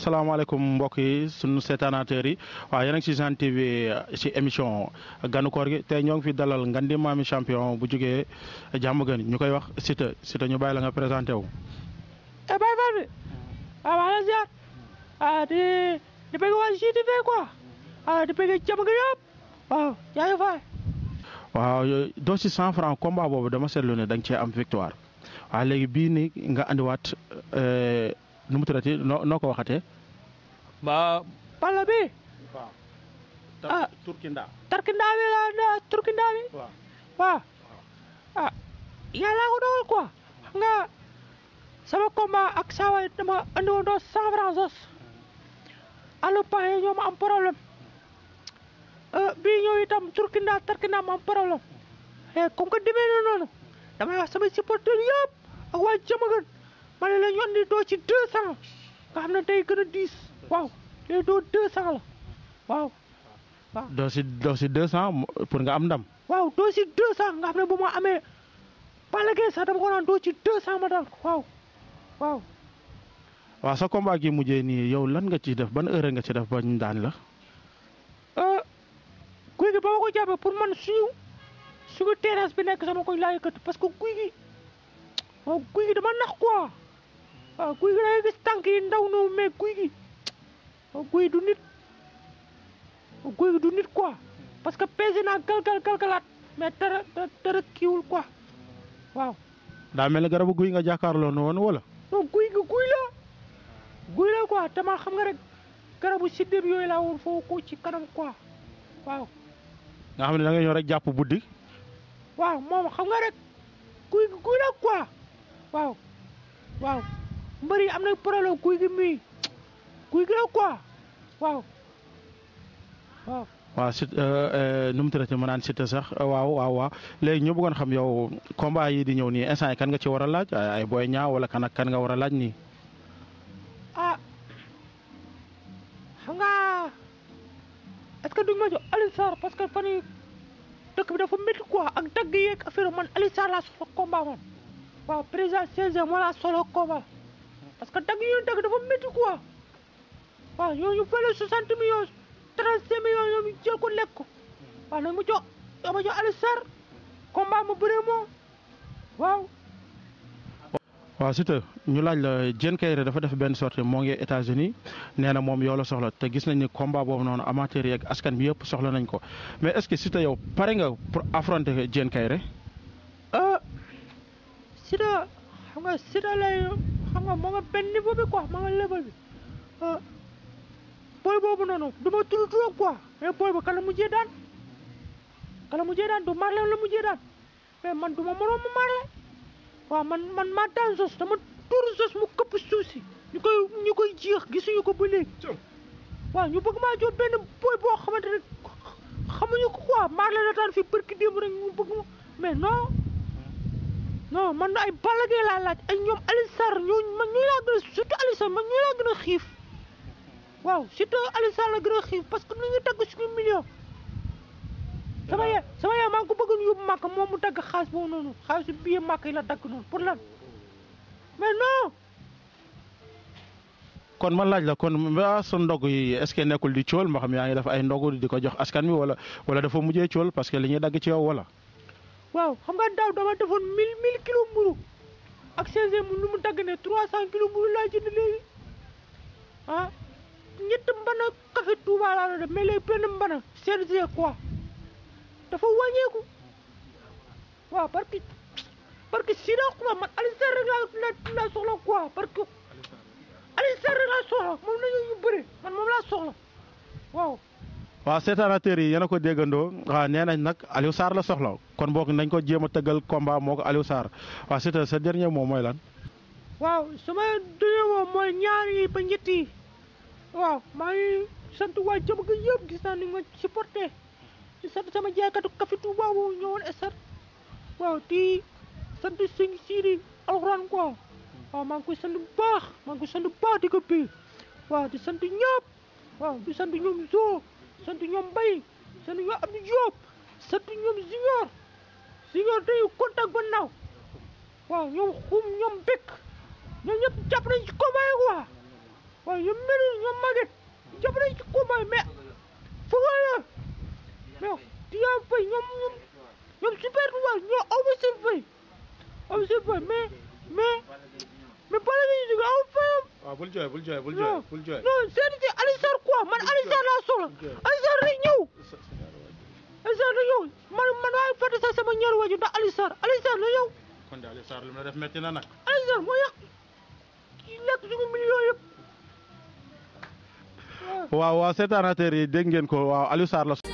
asalaamaaleykum mbokk yi sunu seetaanateur yi waaw yéen a ngi si Hann TV si émission ganu koor gi tey ñoo ngi fi dalal Ngandi Maami champion bu jógee jàmm gën ñu koy wax Siteu Siteu ñu bàyyi la nga présenté wu. Eh, bay waaw ah, maa la ziar ah, di di bëgg waa si TV quoi ah, di bëgg jàmm gën yëpp waaw yaa cent franc combat boobu dama seetlu ne da nga cee am victoire waaw léegi bii nii nga andiwaat. Euh, nu mu tuddati noo noo ko waxatee. ba bala bi. waaw. ah turkinda. turkinda bi la turkinda bi. waaw waaw. ah yàlla ko dogal quoi nga sama combat ak saa waay dama andi woon doos cent francs doos. allo paa yi ñoo ma am problème. Ah, bii ñëw itam turkinda turkinda ma am problème. Eh, comme que demee na noonu damay wax ak ma ne la ñoon di doo ci 200 nga xam ne day gën a diis waaw léegi doo 200 la waaw. waaw doo si doo si 200 pour nga am ndam. waaw doo si 200 nga xam ne bu ma amee Balla Gaye sax dama ko naan doo ci 200 ma dal waaw waaw. waaw sa combat gi mujjee nii yow lan nga ci def ban heure nga ci def ba ñu daan la. guy eh, gi ba ma ko jàppee pour man suñu suñu terrasse bi nekk sama ko laay yëkkati parce que guy gi waaw guy gi dama nax quoi. waaw ah, guy gi dangay gis tànk yi ndaw na mais guy gi guy ah, du nit guy ah, du nit quoi parce que pesé naa kalkal kalkalaat mais tara tara kiiwul quoi waaw daa mel ne garabu guy nga jàkkaarloo na woon wala non guy gi guy la guy la xam nga rek garabu siddéem yooyu laa woon foo ko ci kanam quoi waaw nga xam ne danga nga ñëw rek jàpp buddi waaw moom xam nga rek guy gi guy la quoi waaw waaw mbëri am na problème guy gi mi guy gi la quoi waaw waaw. waaw si euh, euh, nu mu ma naan Siteu sax waaw waaw waaw léegi ñu xam yow combat yi di ñëw nii instant yi kan nga ci war a laaj ay Boy Niang wala kan kan nga war a laaj ni ah nga est-ce que duñ parce que fan yii dëkk bi dafa métti quoi ak dagg yeeg affaire man Alioune Sarr laa soxla combat président CNG moo laa soxla combat. parce que tag yi ñu tag dafa métti quoi waaw ñooñu fële 60 millions 35 jël ko lekk waaw nag mu jox dama jox Alioune Sarr waaw. waaw ñu laaj la Diène Kairé dafa def benn sortie moo ngi États-Unis nee na moom yow la soxla te gis nañ ni combat boob noonu amateur yeeg askan bi yëpp soxla nañ ko mais est-ce que yow pare nga pour affronter Diène Kairé. ah lay ngomongnya band bobi bobe kwa mangale bobe boy bobo nono duma tujuh tulu kwa eh boy ba kala mujedan kalau kala muje dan do marle le muje dan eh man duma wa man man matan sos dama tur sos muka kep susi ñu koy ñu koy jeex gisuñu ko ba léegi waaw ñu bëgg maa jox benn boy boo xamante ne xamuñu ko quoi marle la fi barki démb rek ñu bëgg mais non man ay Balla lalat laa ay ñoom Alioune Sarr ñooñ man ñii laa gën a surtout Alioune Sarr man ñii laa gën a xiif waaw surtout Alioune Sarr la gën a parce que nu ñu tagg suñu million sama ya, sama ya ma ngi ko bëggoon yóbbu màkk moom mu tagg xaalis boobu noonu xaalisu la pour mais non kon man laj la kon ba sa ndog yi est ce que di chol ma xam yaangi ngi ay ndog di ko jox askan mi wala wala dafa mujjé cool parce que li ñuy ci yow wala waaw xam nga daaw dama defoon mille mille kilos mburu ak CG mu nu mu dagg ne trois cent kilos mburu laa jënd léegi ah ñett mbana café Touba laa doon def mais léegi benn mbana CG waaw parce que parce que si la man Alioune Sarr rek laa laa soxla quoi parce que Alioune Sarr moom la ñu bëri man moom laa soxla waaw. wa seetaanateur yi yéen a ko déggandoo waaw nee nañ Aliou sar la soxlo kon bok nañ ko jéem a combat moko Aliou sar wa seetal sa dernier moom moy lan. waaw sama dernier moom mo ñaar yi ba ñett waaw ngi sant wa jëm gi yeb gis naa ni ma supporté di sant sama ka kafe tu boobu ñëwoon eser. waaw di santu sing siri alxuraan ko waaw ma ngi santu bax ma ngi bax di ko bii waaw di santu ñop waaw di santu ñoom zoo. sant ñoom Mbaye sant ñoom Abdou Diop ñoom Ziguor Ziguor tey contact ba naaw ñoom xum ñoom bekk ñoom ñëpp jàpp nañ ci combat ñoom melu ñoom màgget jàpp nañ ci combat yi mais foofa la ñoom super waaw ñoo aw ma seen fay aw ma seen fay mais mais mais bala nga ñu jóge aw fayam. waaw bul jooy bul jooy bul seeti ci Alioune man Alioune laa soxla Alioune Sarr rek ñëw Alioune Sarr man man maa ngi fàtte sama ñaari waajur ndax Alioune Sarr Alioune Sarr la ñëw. kon de Alioune mu def métti na nag. Alioune Sarr million yëpp. waaw waaw seetaanateur yi dégg ngeen ko waaw Alioune Sarr la.